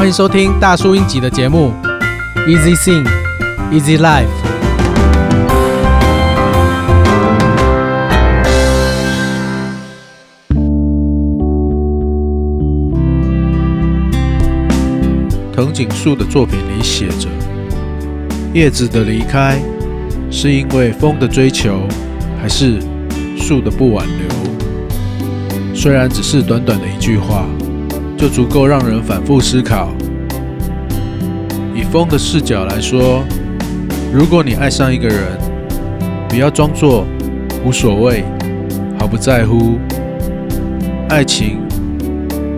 歡迎收聽大樹英吉的節目、e《Easy Sing Easy Life》。藤井樹的作品裡寫着：“葉子的離開，是因為風的追求，還是樹的不挽留？”雖然只是短短的一句話。就足夠讓人反復思考。以風的視角來說，如果你愛上一個人，不要裝作無所謂、毫不在乎。愛情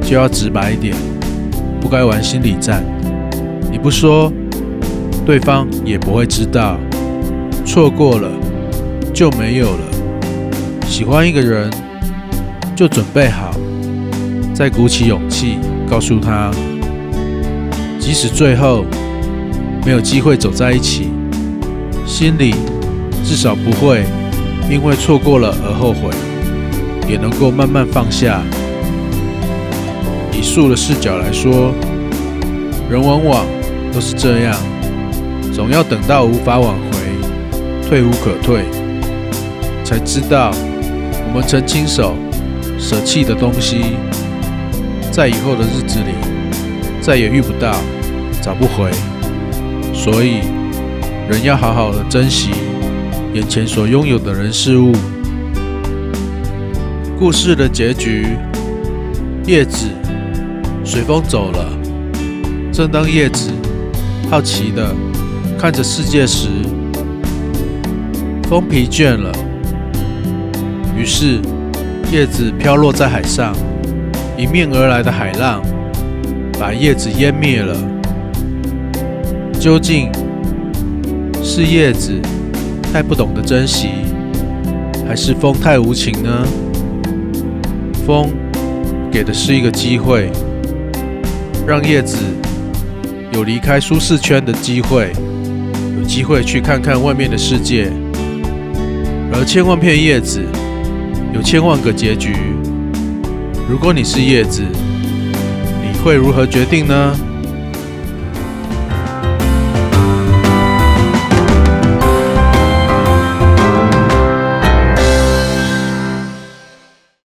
就要直白一點，不該玩心理戰。你不說，對方也不會知道。錯過了就沒有了。喜歡一個人，就準備好。再鼓起勇氣告訴他，即使最後沒有機會走在一起，心裡至少不會因為錯過了而後悔，也能夠慢慢放下。以樹的視角來說，人往往都是這樣，總要等到無法挽回、退無可退，才知道我們曾親手舍棄的東西。在以後的日子裡，再也遇不到，找不回，所以人要好好的珍惜眼前所擁有的人事物。故事的結局，葉子，隨風走了。正當葉子好奇的看着世界時，風疲倦了，於是葉子飄落在海上。迎面而來的海浪把葉子淹滅了。究竟是葉子太不懂得珍惜，還是風太無情呢？風給的是一個機會，讓葉子有離開舒適圈的機會，有機會去看看外面的世界。而千萬片葉子，有千萬個結局。如果你是葉子，你會如何決定呢？